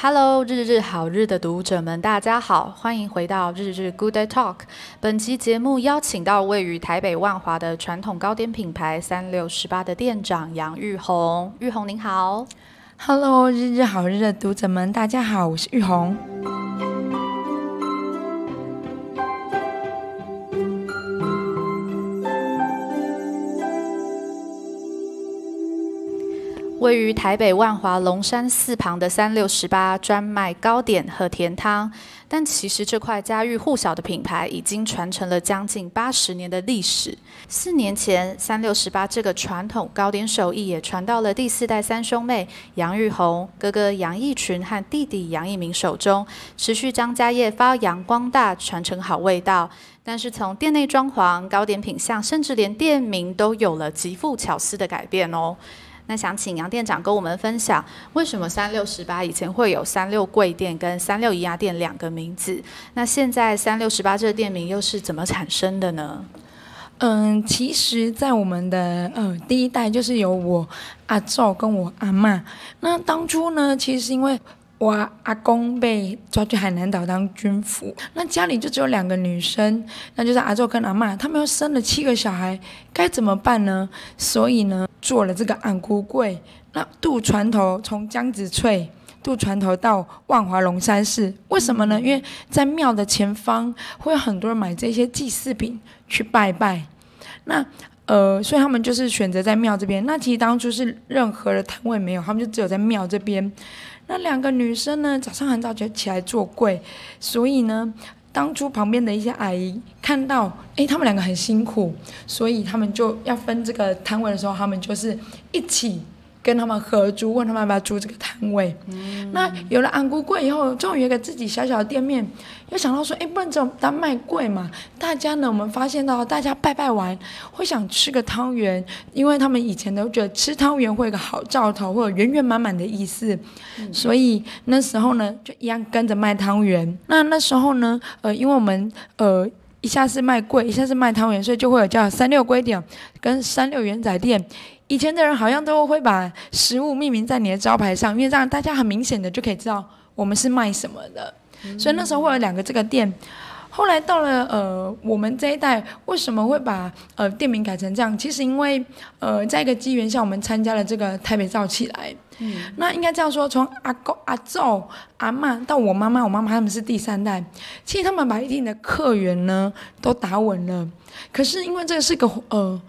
Hello，日日好日的讀者們，大家好，歡迎回到日日 Good Day Talk。本期節目邀請到位於台北萬華的傳統糕點品牌三六食粑的店長楊郁虹。郁虹您好。Hello，日日好日的讀者們，大家好，我是郁虹。位於台北萬華龍山寺旁的三六食捌專賣糕點和甜湯，但其實這塊家喻戶曉的品牌已經傳承了將近八十年的歷史。四年前，三六食捌這個傳統糕點手藝也傳到了第四代三兄妹楊鬱虹、哥哥楊義群和弟弟楊義明手中，持續將家業發揚光大，傳承好味道。但是從店內裝潢、糕點品相，甚至連店名都有了極富巧思的改變哦。那想請楊店長跟我們分享，為什麼三六食粑以前會有三六貴店跟三六一雅店兩個名字？那現在三六食粑這個店名又是怎麼產生的呢？嗯，其實，在我們的呃第一代就是由我阿祖跟我阿嬤。那當初呢，其實因為。我阿公被抓去海南島當軍夫，那家裡就只有兩個女生，那就是阿祖跟阿嬤，他們又生了七個小孩，該怎麼辦呢？所以呢，做了這個暗孤櫃。那渡船頭從江子翠渡船頭到萬華龍山寺，為什麼呢？因為在廟的前方會有很多人買這些祭祀品去拜拜。那呃，所以他們就是選擇在廟這邊。那其實當初是任何的攤位沒有，他們就只有在廟這邊。那兩個女生呢，早上很早就起來做粿，所以呢，當初旁邊的一些阿姨看到，哎，她們兩個很辛苦，所以她們就要分這個攤位的時候，她們就是一起，跟他們合租，問他們要不要租這個攤位。嗯、那有了安姑櫃以後，終於有一個自己小小的店面。又想到說，哎、欸，不然這麼單賣粿嘛？大家呢，我們發現到大家拜拜完會想吃個湯圓，因為他們以前都覺得吃湯圓會有個好兆頭，會有圓圓滿滿的意思。嗯、所以那時候呢，就一樣跟着賣湯圓。那那時候呢，呃，因為我們呃，一下是賣粿，一下是賣湯圓，所以就會有叫三六粿店跟三六圓仔店。以前的人好像都會把食物命名在你的招牌上，因為這樣大家很明顯的就可以知道我們是賣什麼的。嗯、所以那時候會有兩個這個店。後來到了呃我們這一代，為什麼會把呃店名改成這樣？其實因為呃在一個機緣下，我們參加了這個台北造起來。嗯、那應該這樣說，從阿公、阿祖、阿嬤到我媽媽，我媽媽他們是第三代。其實他們把一定的客源呢都打穩了。可是因為這個是個呃。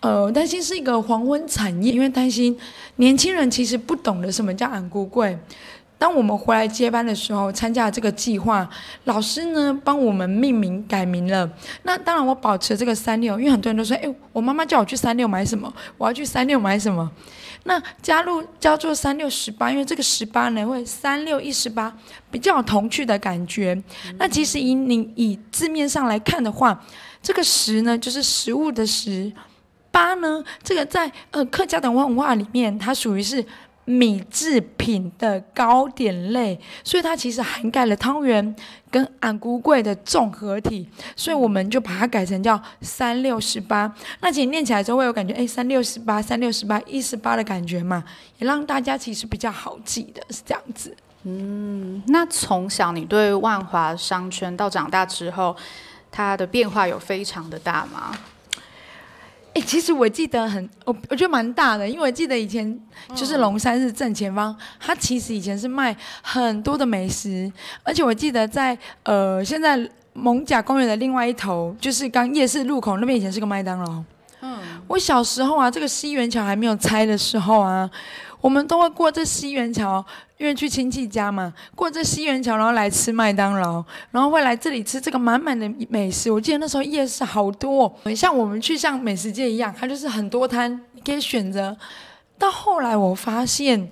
呃，擔心是一個黃昏產業，因為擔心年輕人其實不懂得什麼叫紅龜粿。當我們回來接班的時候，參加了這個計劃，老師呢幫我們命名改名了。那當然我保持這個三六，因為很多人都說，哎，我媽媽叫我去三六買什麼，我要去三六買什麼。那加入叫做三六十八，因為這個十八呢會三六一十八，比較有童趣的感覺。嗯、那其實以你以字面上來看的話，這個十呢就是食物的食。八呢？這個在呃客家的文化裡面，它屬於是米製品的糕點類，所以它其實涵蓋了湯圓跟矮骨粿的綜合體，所以我們就把它改成叫三六十八。那其實念起來之後會有感覺，哎、欸，三六十八，三六十八，一十八的感覺嘛，也讓大家其實比較好記的是這樣子。嗯，那從小你對萬華商圈到長大之後，它的變化有非常的大嗎？誒、欸，其實我記得很，我我覺得蠻大的，因為我記得以前就是龍山寺正前方，嗯、它其實以前是賣很多的美食，而且我記得在呃現在艋舺公園的另外一頭，就是剛夜市路口那邊以前是個麥當勞。嗯，我小時候啊，這個西園橋還沒有拆的時候啊，我們都會過這西園橋，因為去親戚家嘛，過這西園橋，然後來吃麥當勞，然後會來這裡吃這個滿滿的美食。我記得那時候夜市好多哦，像我們去像美食街一樣，它就是很多攤，你可以選擇。到後來我發現，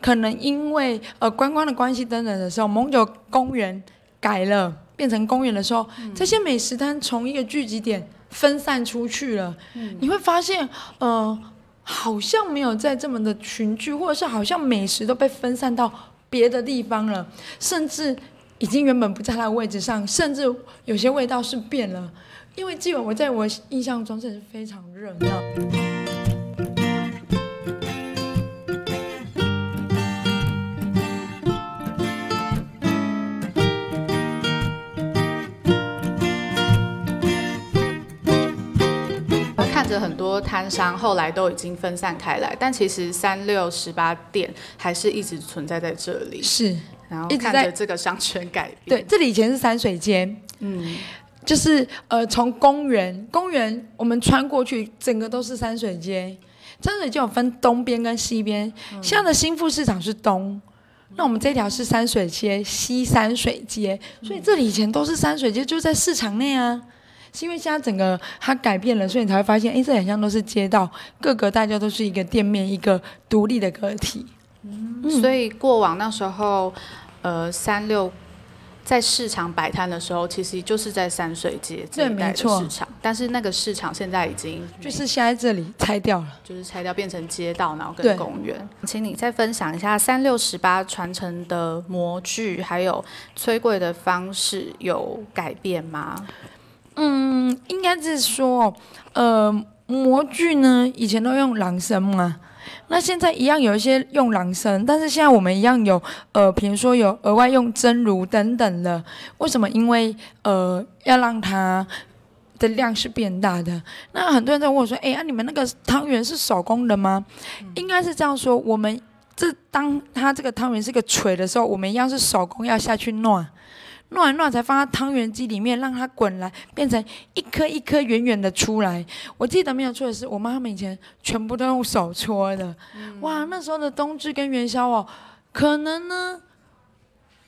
可能因為呃觀光的關係等等的時候，艋舺公園改了變成公園的時候，這些美食攤從一個聚集點。分散出去了，嗯、你會發現，呃，好像沒有在這麼的群聚，或者是好像美食都被分散到別的地方了，甚至已經原本不在它的位置上，甚至有些味道是變了，因為基隆我在我印象中這是非常熱鬧。很多攤商後來都已經分散開來，但其實三六食捌店還是一直存在在這裡。是，然後看着這個商圈改變。對，這裡以前是三水街，嗯，就是呃，從公園公園我們穿過去，整個都是三水街。三水街有分東邊跟西邊，嗯、現在的新富市場是東，那我們這條是三水街西三水街，所以這裡以前都是三水街，就在市場內啊。是因為現在整個它改變了，所以你才會發現，哎、欸，這裡很像都是街道，各個大家都是一個店面，一個獨立的個體。嗯、所以過往那時候，呃，三六在市場擺攤的時候，其實就是在三水街這一帶的市場。沒錯。但是那個市場現在已經就是現在這裡拆掉了。就是拆掉，變成街道，然後跟公園。對請你再分享一下三六食捌傳承的模具，還有炊粿的方式有改變嗎？嗯，應該是說，呃，模具呢，以前都用狼身嘛，那現在一樣有一些用狼身，但是現在我們一樣有，呃，比如說有額外用蒸爐等等的，為什麼？因為呃，要讓它的量是變大的。那很多人在問我說，哎、欸，那、啊、你們那個湯圓是手工的嗎？嗯、應該是這樣說，我們這當它這個湯圓是個錘的時候，我們一樣是手工要下去弄。弄完弄完才放在湯圓機裡面，讓它滾來，變成一顆一顆圓圓的出來。我記得沒有錯的是，我媽他們以前全部都用手搓的。嗯、哇，那時候的冬至跟元宵哦，可能呢，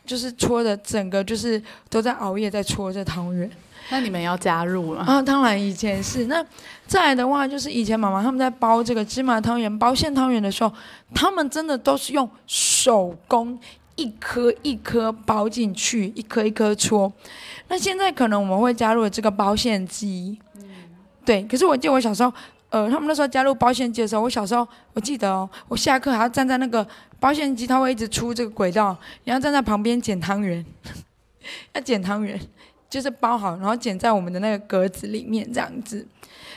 就是搓的整個就是都在熬夜在搓這湯圓。那你們要加入了？啊，當然以前是。那再來的話，就是以前媽媽他們在包這個芝麻湯圓、包餡湯圓的時候，他們真的都是用手工。一顆一顆包進去，一顆一顆搓。那現在可能我們會加入這個包餡機，對。可是我記得我小時候，呃，他們那時候加入包餡機的時候，我小時候我記得哦，我下課還要站在那個包餡機，它會一直出這個軌道，然後站在旁邊撿湯圓，要撿湯圓，就是包好，然後撿在我們的那個格子裡面這樣子。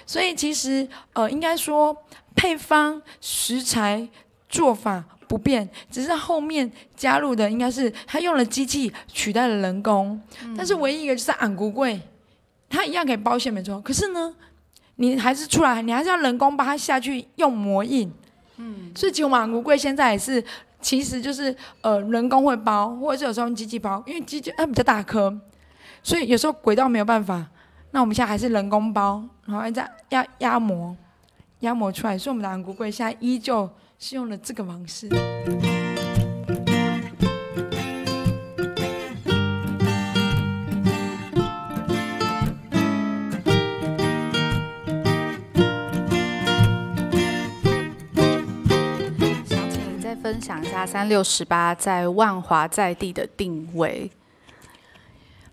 所以其實呃，應該說配方、食材、做法。不變，只是後面加入的應該是他用了機器取代了人工，嗯、但是唯一一個就是紅龜粿，他一樣可以包餡沒錯。可是呢，你還是出來，你還是要人工把它下去，用模印。嗯，所以其實紅龜粿現在也是，其實就是呃人工會包，或者是有時候用機器包，因為機器它比較大顆，所以有時候軌道沒有辦法。那我們現在還是人工包，然後按再壓壓模，壓模出來，所以我們的紅龜粿現在依舊。是用了這個方式。想請你再分享一下三六食捌，在萬華在地的定位。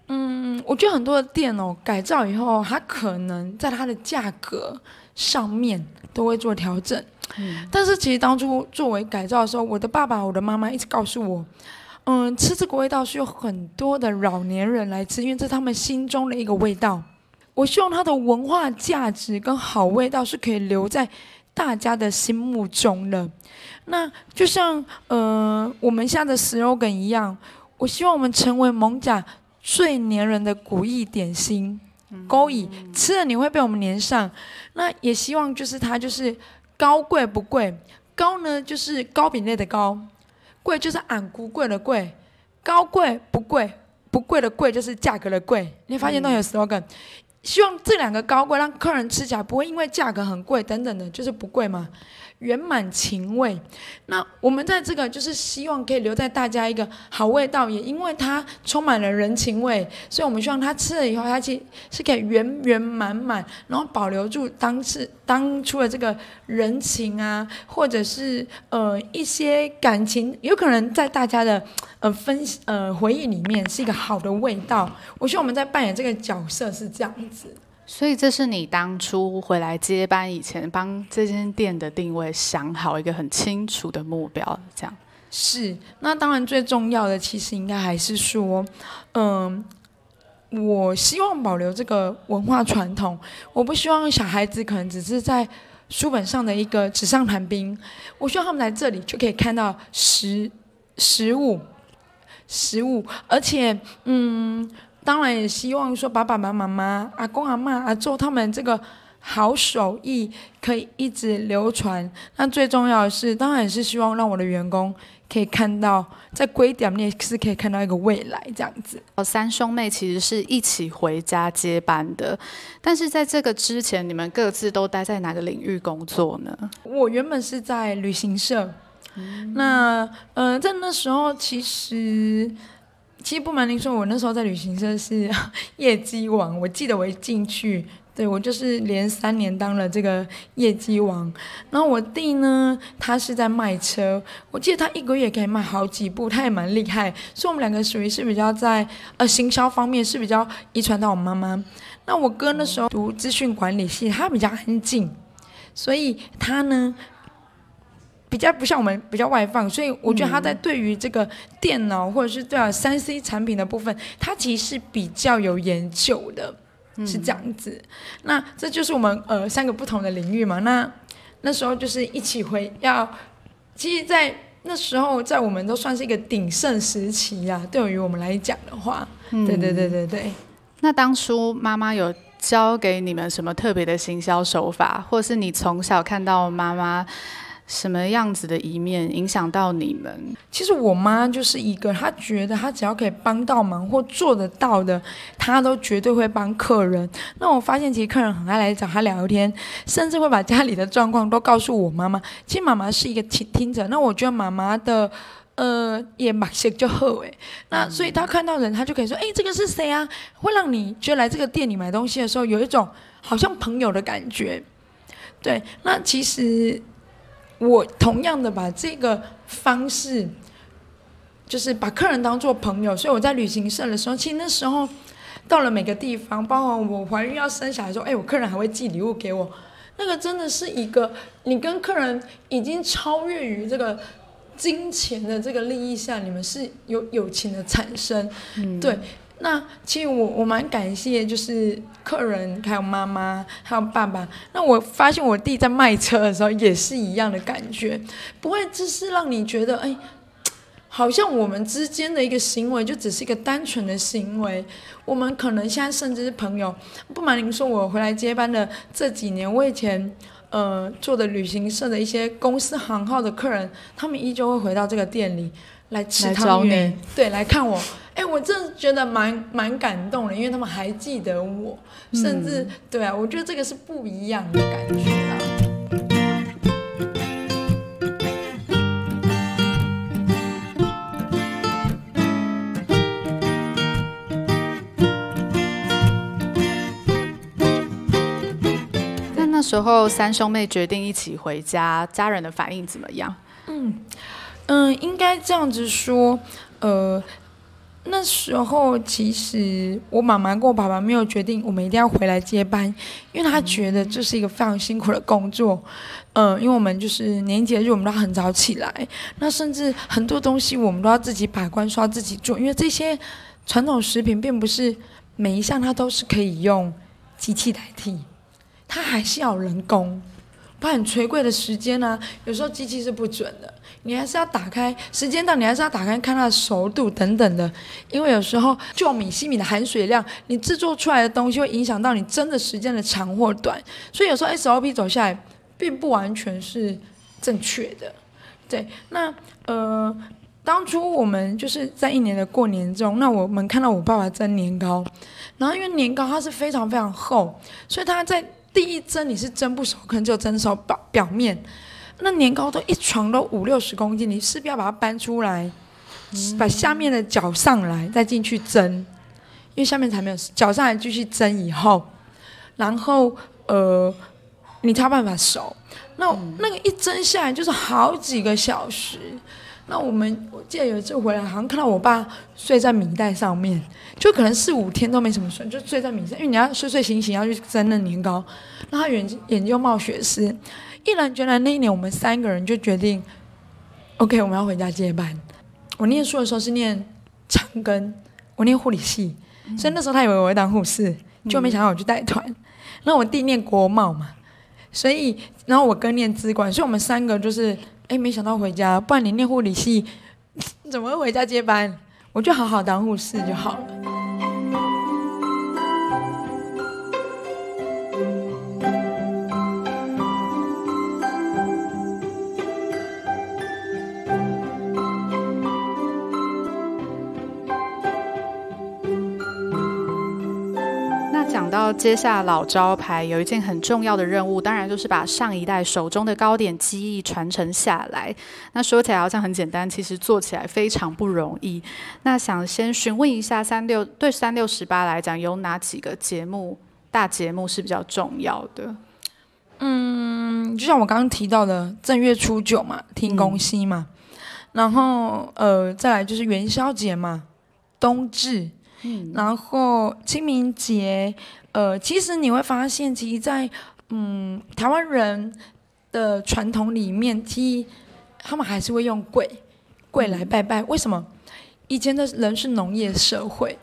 嗯，我覺得很多的店哦，改造以後，它可能在它的價格上面都會做調整。嗯、但是其實當初作為改造的時候，我的爸爸、我的媽媽一直告訴我：“嗯，吃這個味道是有很多的老年人來吃，因為這是他們心中的一個味道。我希望它的文化價值跟好味道是可以留在大家的心目中的。那就像呃我們下的 slogan 一樣，我希望我們成為艋舺最粘人的古意點心，嗯、勾引吃了你會被我們粘上。那也希望就是它就是。”高貴不貴，高呢就是高品類的高，貴就是俺姑貴的貴，高貴不貴，不貴的貴就是價格的貴。你發現那有 slogan，嗯，希望這兩個高貴讓客人吃起來不會因為價格很貴等等的，就是不貴嘛。圓滿情味，那我們在這個就是希望可以留在大家一個好味道，也因為它充滿了人情味，所以我們希望他吃了以後，他其實是可以圓圓滿滿，然後保留住當時當初的這個人情啊，或者是呃一些感情，有可能在大家的呃分呃回憶裡面是一個好的味道。我希望我們在扮演這個角色是這樣子。所以這是你當初回來接班以前，幫這間店的定位想好一個很清楚的目標，這樣。是。那當然最重要的，其實應該還是說，嗯，我希望保留這個文化傳統，我不希望小孩子可能只是在書本上的一個紙上談兵，我希望他們來這裡就可以看到實實物、實物，而且，嗯。當然也希望說爸爸媽媽、阿公阿嬤、阿祖他們這個好手藝可以一直流傳。那最重要的是，當然也是希望讓我的員工可以看到，在糕點面是可以看到一個未來這樣子。我三兄妹其實是一起回家接班的，但是在這個之前，你們各自都待在哪個領域工作呢？我原本是在旅行社，嗯那嗯、呃，在那時候其實。其實不瞞您說，我那時候在旅行社是業績王，我記得我一進去，對我就是連三年當了這個業績王。然後我弟呢，他是在賣車，我記得他一個月可以賣好幾部，他也蠻厲害。所以我們兩個屬於是比較在呃行銷方面是比較遺傳到我媽媽。那我哥那時候讀資訊管理系，他比較安靜，所以他呢。比較不像我們比較外放，所以我覺得他在對於這個電腦或者是對啊三 C 產品的部分，他其實是比較有研究的，是這樣子。嗯、那這就是我們呃三個不同的領域嘛。那那時候就是一起回要，其實在，在那時候在我們都算是一個鼎盛時期啊。對於我們來講的話，嗯、對對對對對。那當初媽媽有教給你們什麼特別的行銷手法，或是你從小看到媽媽？什麼樣子的一面影響到你們？其實我媽就是一個，她覺得她只要可以幫到忙或做得到的，她都絕對會幫客人。那我發現其實客人很愛來找她聊天，甚至會把家裡的狀況都告訴我媽媽。其實媽媽是一個傾聽、聽者，那我覺得媽媽的呃也芒線就好哎、欸。那所以她看到人，她就可以說：“哎、欸，這個是誰啊？”會讓你覺得來這個店裡買東西的時候，有一種好像朋友的感覺。對，那其實。我同樣的把這個方式，就是把客人當做朋友，所以我在旅行社的時候，其實那時候到了每個地方，包括我懷孕要生小孩的時候，哎、欸，我客人還會寄禮物給我，那個真的是一個，你跟客人已經超越於這個金錢的這個利益下，你們是有友情的產生，嗯、對。那其實我我蠻感謝，就是客人還有媽媽還有爸爸。那我發現我弟在賣車的時候也是一樣的感覺，不會，只是讓你覺得哎、欸，好像我們之間的一個行為就只是一個單純的行為。我們可能現在甚至是朋友。不瞞您說，我回來接班的這幾年，我以前呃做的旅行社的一些公司行號的客人，他們依舊會回到這個店裡，來吃湯圓，對，來看我，哎，我真的覺得蠻蠻感動的，因為他們還記得我，嗯、甚至對啊，我覺得這個是不一樣的感覺了、啊。那那時候三兄妹決定一起回家，家人的反應怎麼樣？嗯。嗯，應該這樣子說，呃，那時候其實我媽媽跟我爸爸沒有決定我們一定要回來接班，因為他覺得這是一個非常辛苦的工作，嗯，因為我們就是年節日，我們都要很早起來，那甚至很多東西我們都要自己把關刷，刷自己做，因為這些傳統食品並不是每一項它都是可以用機器代替，它還是要人工。怕很垂貴的時間啊，有時候機器是不準的，你還是要打開時間到，你還是要打開看它的熟度等等的，因為有時候就米西米的含水量，你制作出來的東西會影響到你蒸的時間的長或短，所以有時候 SOP 走下來並不完全是正確的。對，那呃，當初我們就是在一年的過年中，那我們看到我爸爸蒸年糕，然後因為年糕它是非常非常厚，所以它在。第一蒸你是蒸不熟，可能就蒸熟表表面，那年糕都一床都五六十公斤，你勢必要把它搬出來，嗯、把下面的攪上來，再進去蒸，因為下面才沒有，攪上來繼續蒸以後，然後呃，你才有辦法熟，那、嗯、那個一蒸下來就是好幾個小時。那我們，我記得有一次回來，好像看到我爸睡在米袋上面，就可能四五天都沒什麼事，就睡在米袋，因為你要睡睡醒醒要去蒸那年糕，然後眼眼睛就冒血絲，毅然決然那一年我們三個人就決定，OK，我們要回家接班。我念書的時候是念長庚，我念護理系，所以那時候他以為我會當護士，就沒想到我去帶團。那我弟念國貿嘛。所以，然後我哥念資管，所以我們三個就是，哎，沒想到回家，不然你念護理系，怎麼會回家接班？我就好好當護士就好了。接下老招牌有一件很重要的任務，當然就是把上一代手中的糕點技藝傳承下來。那說起來好像很簡單，其實做起來非常不容易。那想先詢問一下三六，對三六食粑來講，有哪幾個節目大節目是比較重要的？嗯，就像我剛剛提到的正月初九嘛，天公祭嘛，嗯、然後呃，再來就是元宵節嘛，冬至。嗯、然後清明節，呃，其實你會發現，其實在嗯台灣人的傳統裡面，其實他們還是會用粿粿來拜拜。為什麼？以前的人是農業社會，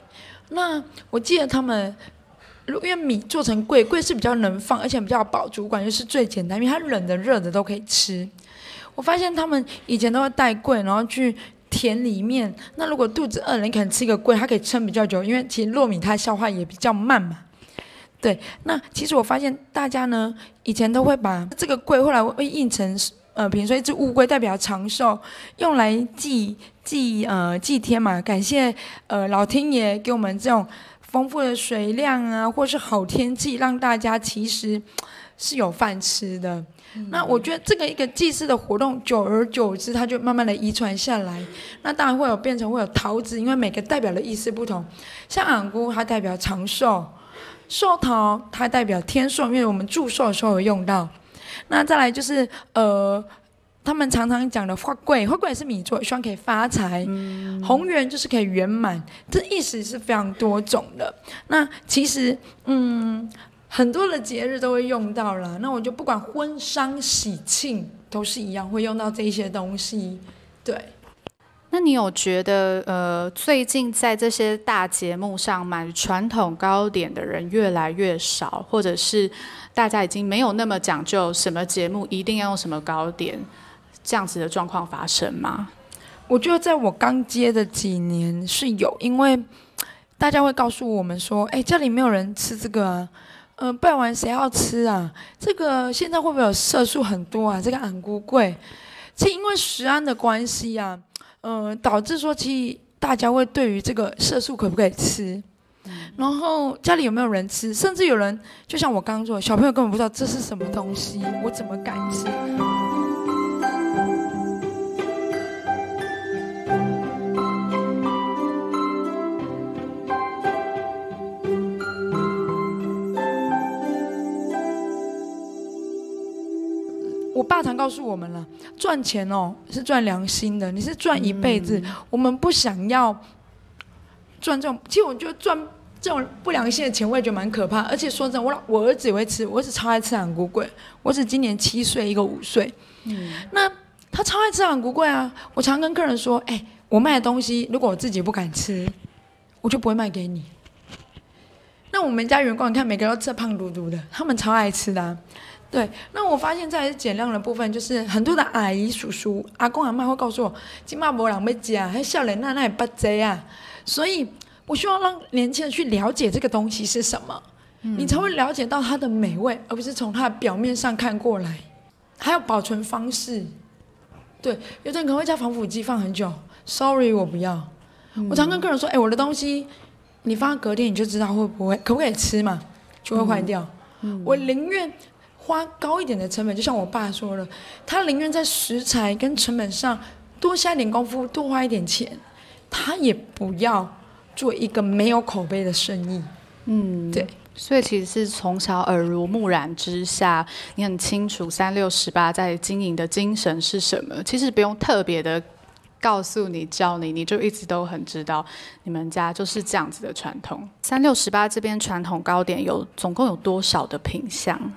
那我記得他們因為米做成粿粿是比較能放，而且比較飽足感，又，就是最簡單，因為它冷的熱的都可以吃。我發現他們以前都會帶粿，然後去田裡面，那如果肚子餓了，你可能吃一個粿，它可以撐比較久，因為其實糯米它消化也比較慢嘛。對，那其實我發現大家呢，以前都會把這個粿，後來會印成呃比如說一隻烏龜代表長壽，用來祭祭呃祭天嘛，感謝呃老天爺給我們這種豐富的水量啊，或是好天氣，讓大家其實。是有飯吃的，嗯、那我覺得這個一個祭祀的活動，久而久之，它就慢慢的遺傳下來，那當然會有變成會有桃子，因為每個代表的意思不同，像紅龜，它代表長壽，壽桃它代表添壽，因為我們祝壽的時候有用到，那再來就是呃，他們常常講的發粿，發粿也是米做，希望可以發財，嗯、紅圓就是可以圓滿，這意思是非常多種的，那其實嗯。很多的節日都會用到了，那我就不管婚喪喜慶都是一樣會用到這些東西，對。那你有覺得，呃，最近在這些大節目上買傳統糕點的人越來越少，或者是大家已經沒有那麼講究什麼節目一定要用什麼糕點這樣子的狀況發生嗎？我覺得在我剛接的幾年是有，因為大家會告訴我們說，哎，這裡沒有人吃這個啊。嗯，呃、拜完誰要吃啊？這個現在會不會有色素很多啊？這個紅龜粿，是因為食安的關係啊，呃，導致說其實大家會對於這個色素可不可以吃，然後家裡有沒有人吃，甚至有人就像我剛剛說，小朋友根本不知道這是什麼東西，我怎麼敢吃？爸常告訴我們了，賺錢哦是賺良心的，你是賺一輩子。嗯、我們不想要賺這種，其實我覺得賺這種不良心的錢，我也覺得蠻可怕。而且說真的，我老我兒子也會吃，我兒子超愛吃軟骨桂。我只今年七歲，一個五歲。嗯，那他超愛吃軟骨桂啊。我常跟客人說，哎，我賣的東西如果我自己不敢吃，我就不會賣給你。那我們家員工你看，每個人都吃胖嘟嘟的，他們超愛吃的、啊。對，那我發現在也減量的部分，就是很多的阿姨、叔叔、阿公、阿媽會告訴我，今嘛無人要吃啊，還笑人那那也不在啊。所以我希望讓年輕人去了解這個東西是什麼，嗯、你才會了解到它的美味，而不是從它的表面上看過來。還有保存方式，對，有的人可能會加防腐劑放很久，Sorry，我不要。嗯、我常跟客人說，哎、欸，我的東西，你放隔天你就知道會不會可不可以吃嘛，就會壞掉。嗯嗯、我寧願。花高一點的成本，就像我爸說了，他寧願在食材跟成本上多下一點功夫，多花一點錢，他也不要做一個沒有口碑的生意。嗯，對。所以其實是從小耳濡目染之下，你很清楚三六食粑在經營的精神是什麼。其實不用特別的告訴你、教你，你就一直都很知道，你們家就是這樣子的傳統。三六食粑這邊傳統糕點有總共有多少的品項？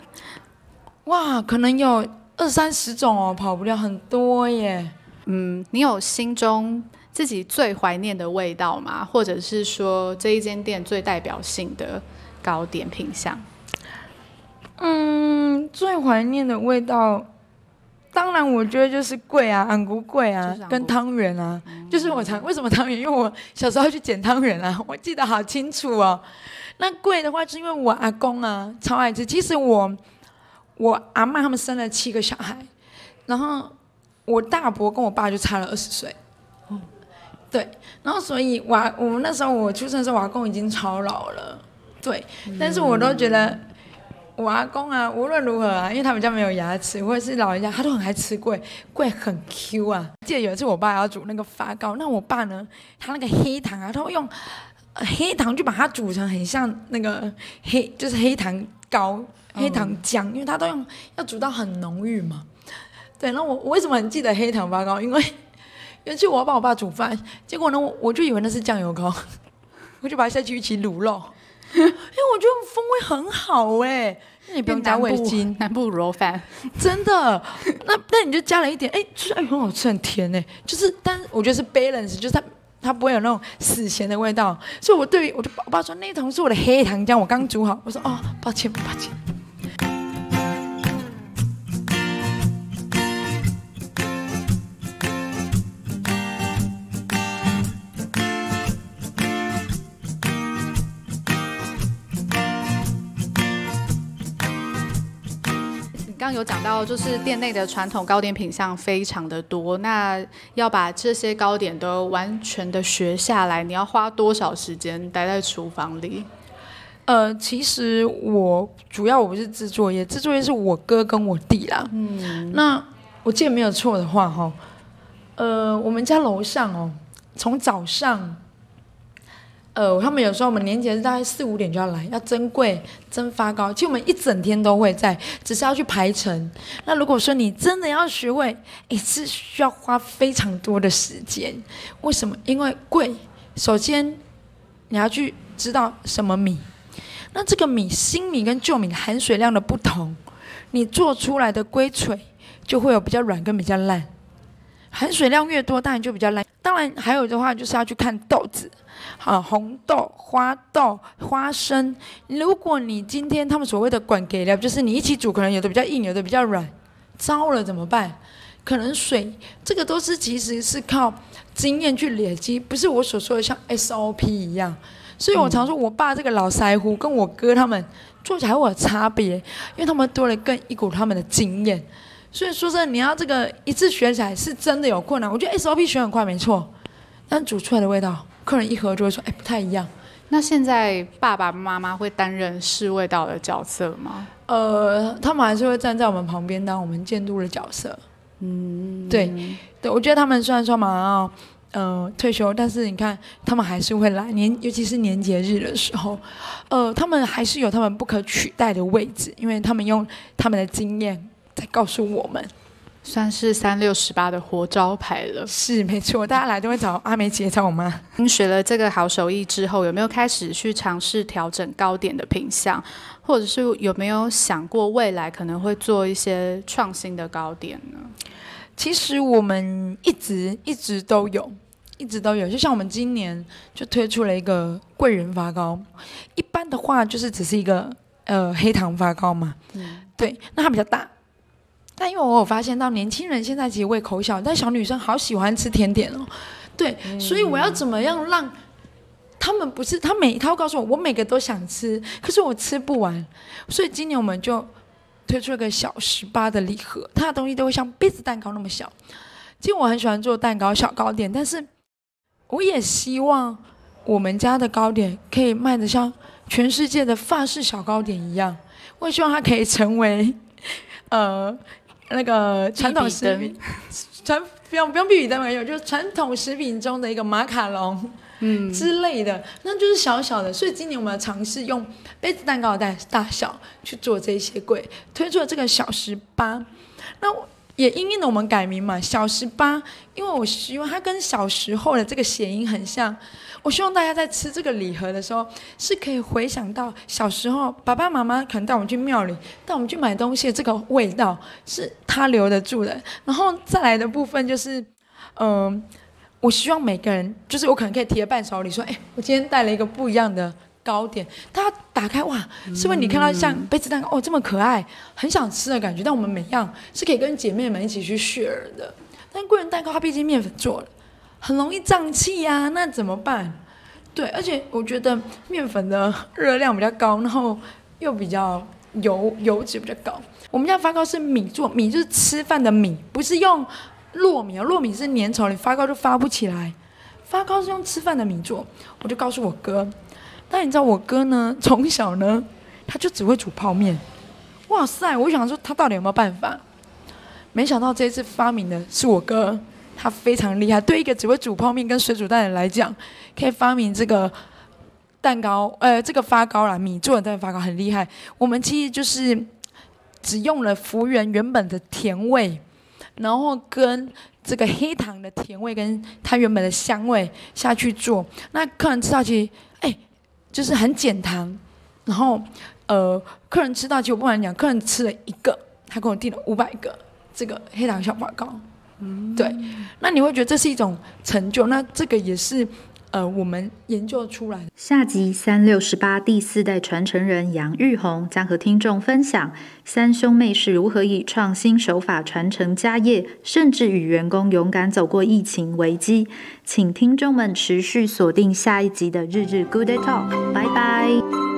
哇，可能有二三十種哦，跑不掉很多耶。嗯，你有心中自己最懷念的味道嗎？或者是說，這一間店最代表性的糕點品項？嗯，最懷念的味道，當然我覺得就是粿啊、紅龜粿啊、跟湯圓啊，就是我常為什麼湯圓？因為我小時候去撿湯圓啊，我記得好清楚哦。那粿的話，是因為我阿公啊超愛吃，其實我。我阿嬤他們生了七個小孩，然後我大伯跟我爸就差了二十歲，對，然後所以我，我們那時候我出生的時候，我阿公已經超老了，對，但是我都覺得，我阿公啊，無論如何啊，因為他們家沒有牙齒，或者是老人家，他都很愛吃粿，粿很 Q 啊。記得有一次我爸要煮那個發糕，那我爸呢，他那個黑糖啊，他會用黑糖就把它煮成很像那個黑，就是黑糖糕。黑糖漿，因為它都用要煮到很濃郁嘛。對，那我我為什麼很記得黑糖發糕？因為有一次我要幫我爸煮飯，結果呢我，我就以為那是醬油膏，我就把它下去一起滷肉，因為我覺得風味很好哎。那你用南部南部滷飯，真的？那那你就加了一點，哎、欸，就是哎、欸、很好吃，很甜哎。就是，但我覺得是 balance，就是它它不會有那種死鹹的味道。所以我對於我就我爸，爸說，那一桶是我的黑糖漿，我剛煮好。我說哦，抱歉抱歉。有講到，就是店內的傳統糕點品相非常的多，那要把這些糕點都完全的學下來，你要花多少時間待在廚房裡？呃，其實我主要我不是製作業，製作業是我哥跟我弟啦。嗯，那我記得沒有錯的話，哦，哈，呃，我們家樓上哦，從早上。呃，他們有時候我們年前大概四五點就要來，要蒸粿蒸發糕，其實我們一整天都會在，只是要去排程。那如果說你真的要學會，也是需要花非常多的時間。為什麼？因為粿。首先，你要去知道什麼米，那這個米新米跟舊米含水量的不同，你做出來的粿粞就會有比較軟跟比較爛。含水量越多，當然就比較爛。當然還有的話，就是要去看豆子好，紅豆、花豆、花生。如果你今天他們所謂的“管給料”，就是你一起煮，可能有的比較硬，有的比較軟。糟了，怎麼辦？可能水這個都是其實是靠經驗去累積，不是我所說的像 SOP 一樣。所以我常說，我爸這個老腮胡跟我哥他們做起來會有差別，因為他們多了更一股他們的經驗。所以說，真的，你要這個一次學起來是真的有困難。我覺得 SOP 學很快沒錯，但煮出來的味道，客人一喝就會說：“哎、欸，不太一樣。”那現在爸爸媽媽會擔任試味道的角色嗎？呃，他們還是會站在我們旁邊，當我們監督的角色。嗯，對對，我覺得他們雖然說馬上要呃退休，但是你看他們還是會來年，尤其是年節日的時候，呃，他們還是有他們不可取代的位置，因為他們用他們的經驗。在告訴我們，算是三六食粑的活招牌了。是沒錯，大家來都會找阿梅姐，找我媽。啊、嗎？你學了這個好手藝之後，有沒有開始去嘗試調整糕點的品相，或者是有沒有想過未來可能會做一些創新的糕點呢？其實我們一直一直都有，一直都有，就像我們今年就推出了一個桂圓發糕。一般的話就是只是一個呃黑糖發糕嘛，是對，但 那它比較大。但因為我有發現到，年輕人現在其實胃口小，但小女生好喜歡吃甜點哦，對，所以我要怎麼樣讓他、嗯、們不是？他每一套告訴我，我每個都想吃，可是我吃不完，所以今年我們就推出了個小十八的禮盒，它的東西都會像杯子蛋糕那麼小。其實我很喜歡做蛋糕、小糕點，但是我也希望我們家的糕點可以賣得像全世界的法式小糕點一樣。我也希望它可以成為，呃。那個傳統食品，傳不用不用比喻的沒有，就是傳統食品中的一個馬卡龍，嗯、之類的，那就是小小的。所以今年我們要嘗試用杯子蛋糕的大小去做這些粿，推出了這個小十八。那我。也因應了我們改名嘛，小食捌，因為我希望它跟小時候的這個諧音很像，我希望大家在吃這個禮盒的時候，是可以回想到小時候爸爸媽媽可能帶我們去廟裡，帶我們去買東西這個味道，是他留得住的。然後再來的部分就是，嗯、呃，我希望每個人，就是我可能可以提個伴手禮，說，哎，我今天帶了一個不一樣的。糕點，大家打開哇，是不是你看到像杯子蛋糕哦？這麼可愛，很想吃的感覺。但我們每樣是可以跟姐妹們一起去 share 的。但貴人蛋糕它畢竟面粉做的，很容易脹氣呀、啊，那怎麼辦？對，而且我覺得面粉的熱量比較高，然後又比較油，油脂比較高。我們家發糕是米做，米就是吃飯的米，不是用糯米啊，糯米是粘稠的，你發糕就發不起來。發糕是用吃飯的米做，我就告訴我哥。但你知道我哥呢？從小呢，他就只會煮泡麵。哇塞！我想說他到底有沒有辦法？沒想到這一次發明的是我哥，他非常厲害。對一個只會煮泡麵跟水煮蛋的來講，可以發明這個蛋糕，呃，這個發糕啦，米做的蛋糕發糕很厲害。我們其實就是只用了福圓原本的甜味，然後跟這個黑糖的甜味跟它原本的香味下去做，那客人吃到起，哎。就是很減糖，然後，呃，客人吃到，就不管講，客人吃了一個，他給我訂了五百個這個黑糖小發糕，嗯，對，那你會覺得這是一種成就，那這個也是。呃，我們研究出來。下集三六食捌第四代傳承人楊郁虹將和聽眾分享三兄妹是如何以創新手法傳承家業，甚至與員工勇敢走過疫情危機。請聽眾們持續鎖定下一集的日日 Good Day Talk，拜拜。